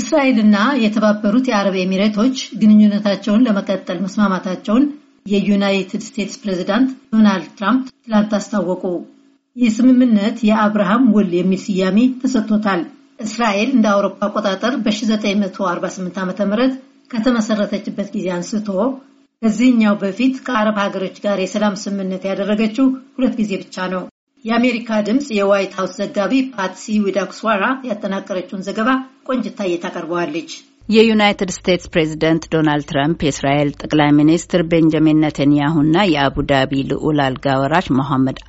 እስራኤልና የተባበሩት የአረብ ኤሚሬቶች ግንኙነታቸውን ለመቀጠል መስማማታቸውን የዩናይትድ ስቴትስ ፕሬዚዳንት ዶናልድ ትራምፕ ትላንት አስታወቁ። ይህ ስምምነት የአብርሃም ውል የሚል ስያሜ ተሰጥቶታል። እስራኤል እንደ አውሮፓ አቆጣጠር በ1948 ዓ ም ከተመሰረተችበት ጊዜ አንስቶ ከዚህኛው በፊት ከአረብ ሀገሮች ጋር የሰላም ስምምነት ያደረገችው ሁለት ጊዜ ብቻ ነው። የአሜሪካ ድምፅ የዋይት ሀውስ ዘጋቢ ፓትሲ ዊዳክስዋራ ያጠናቀረችውን ዘገባ ቆንጅታዬ ታቀርበዋለች። የዩናይትድ ስቴትስ ፕሬዝደንት ዶናልድ ትራምፕ የእስራኤል ጠቅላይ ሚኒስትር ቤንጃሚን ነተንያሁና የአቡዳቢ ልዑል አልጋ ወራሽ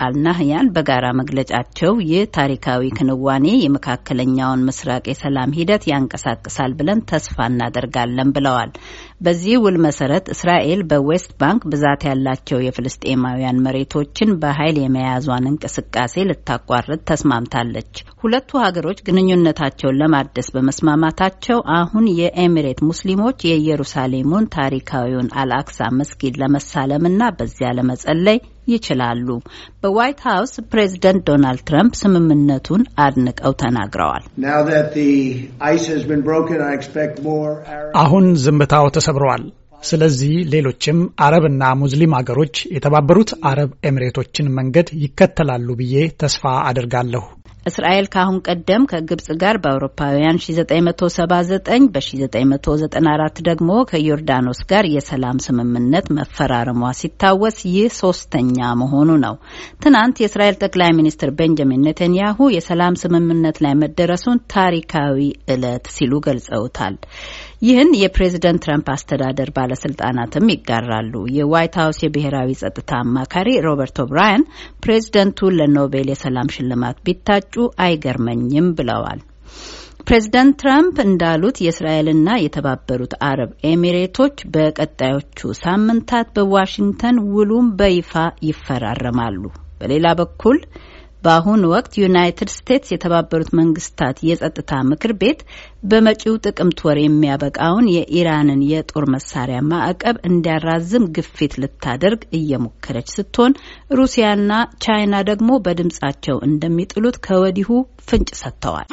አልናህያን በጋራ መግለጫቸው ይህ ታሪካዊ ክንዋኔ የመካከለኛውን ምስራቅ የሰላም ሂደት ያንቀሳቅሳል ብለን ተስፋ እናደርጋለን ብለዋል። በዚህ ውል መሰረት እስራኤል በዌስት ባንክ ብዛት ያላቸው የፍልስጤማውያን መሬቶችን በኃይል የመያዟን እንቅስቃሴ ልታቋርጥ ተስማምታለች። ሁለቱ ሀገሮች ግንኙነታቸውን ለማደስ በመስማማታቸው አሁን የኤሚሬት ሙስሊሞች የኢየሩሳሌሙን ታሪካዊውን አልአክሳ መስጊድ ለመሳለምና በዚያ ለመጸለይ ይችላሉ። በዋይት ሀውስ ፕሬዝደንት ዶናልድ ትራምፕ ስምምነቱን አድንቀው ተናግረዋል። አሁን ዝምታው ተሰብረዋል። ስለዚህ ሌሎችም አረብና ሙስሊም አገሮች የተባበሩት አረብ ኤሚሬቶችን መንገድ ይከተላሉ ብዬ ተስፋ አደርጋለሁ። እስራኤል ካሁን ቀደም ከግብጽ ጋር በአውሮፓውያን 1979 በ1994 ደግሞ ከዮርዳኖስ ጋር የሰላም ስምምነት መፈራረሟ ሲታወስ ይህ ሶስተኛ መሆኑ ነው። ትናንት የእስራኤል ጠቅላይ ሚኒስትር ቤንጃሚን ኔተንያሁ የሰላም ስምምነት ላይ መደረሱን ታሪካዊ ዕለት ሲሉ ገልጸውታል። ይህን የፕሬዝደንት ትራምፕ አስተዳደር ባለስልጣናትም ይጋራሉ። የዋይት ሀውስ የብሔራዊ ጸጥታ አማካሪ ሮበርት ኦብራያን ፕሬዝደንቱ ለኖቤል የሰላም ሽልማት ቢታ ቢጋጩ አይገርመኝም ብለዋል። ፕሬዚዳንት ትራምፕ እንዳሉት የእስራኤልና የተባበሩት አረብ ኤሚሬቶች በቀጣዮቹ ሳምንታት በዋሽንግተን ውሉም በይፋ ይፈራረማሉ። በሌላ በኩል በአሁኑ ወቅት ዩናይትድ ስቴትስ የተባበሩት መንግስታት የጸጥታ ምክር ቤት በመጪው ጥቅምት ወር የሚያበቃውን የኢራንን የጦር መሳሪያ ማዕቀብ እንዲያራዝም ግፊት ልታደርግ እየሞከረች ስትሆን ሩሲያና ቻይና ደግሞ በድምጻቸው እንደሚጥሉት ከወዲሁ ፍንጭ ሰጥተዋል።